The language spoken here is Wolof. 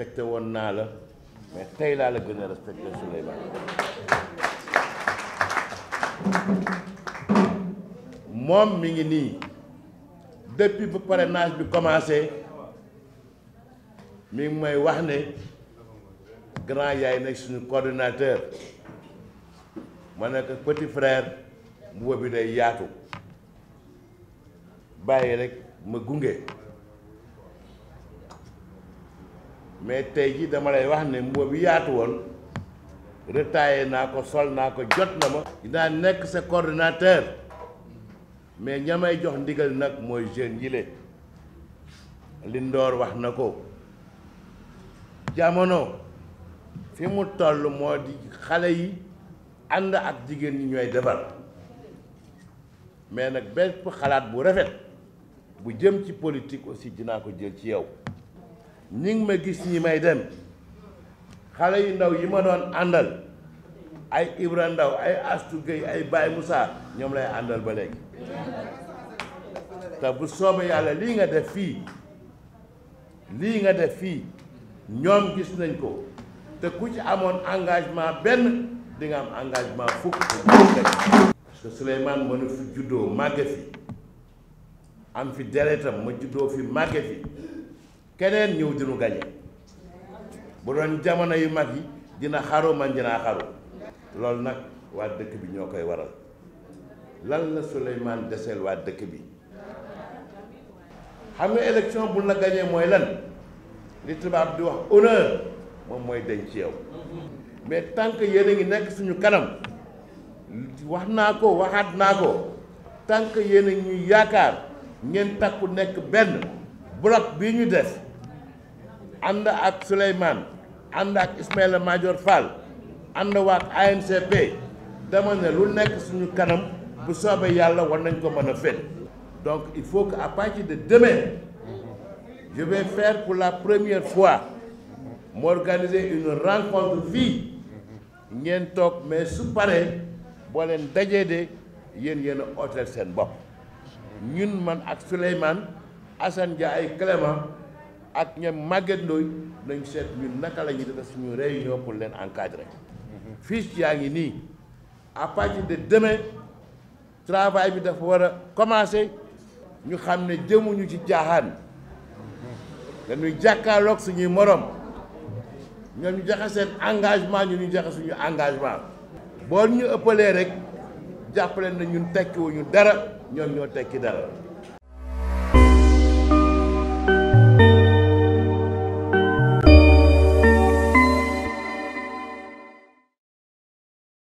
respecté woon naa la mais tey laa la gën a respecté Souleymane moom mi ngi nii depuis bu parrainage bi commencé mi ngi may wax ne grand yaay nekk suñu coordinateur ma ne petit frère mbuba bi day yaatu bàyyi rek ma gunge. mais tey ji dama lay wax ne mbubb bi yaatu woon retaillé naa ko sol naa ko jot na ma dinaa nekk sa coordinateur mais ña jox ndigal nag mooy jeunes yile Lindoor wax na ko jamono fi mu toll moo di xale yi ànd ak jigéen ñi ñooy defar mais nag bépp xalaat bu rafet bu jëm ci politique aussi dinaa ko jël ci yow ñi ngi ma gis nii may dem xale yu ndaw yi ma doon àndal ay Ibra Ndaw ay Astu Gueye ay baay musa ñoom lay àndal ba léegi te bu soobee yàlla lii nga def fii lii nga def fii ñoom gis nañ ko te ku ci amoon engagement benn dinga am engagement fukk parce que Souleymane mënu fi juddoo màgge fi am fi deretam ma juddoo fi màgge fi keneen ñëw dinu gañe bu doon jamono yu mag yi dina xaru man dinaa xaru loolu nag waa dëkk bi ñoo koy waral lan la Souleymane deseel waa dëkk bi xam nga élection bu na gañee mooy lan li tubaab di wax honneur moom mooy dañ ci yow mais tànk que yéen a ngi nekk suñu kanam wax naa ko waxaat naa ko tant que yéen a ñuy yaakaar ngeen takku nekk benn bloc bii ñu des Anda ak Suleiman, anda ak Ismaël Major Fall Anda waak ANCP dama ne lu nous suñu kanam bu soobee yalla war ko a donc il faut que à partir de demain je vais faire pour la première fois m'organiser une rencontre vie, ngeen tok mais su paré boo leen dajee de yéen yéen a ooteel seen ñun man ak Souleymane Assane Diaye Clément ak ñoom Maguette Ndoye nañ seet ñun naka la ñuy def suñu réunion pour leen encadrer fiche yaa ngi nii à partir de demain travail bi dafa war a commencer ñu xam ne jëmuñu ci jaaxaan dañuy jàkkaarloog suñuy moroom ñoom ñu joxe seen engagement ñu ñu joxe suñu engagement boo ñu ëppalee rek jàppaleen na ñun tekkiwuñu dara ñoom ñoo tekki dara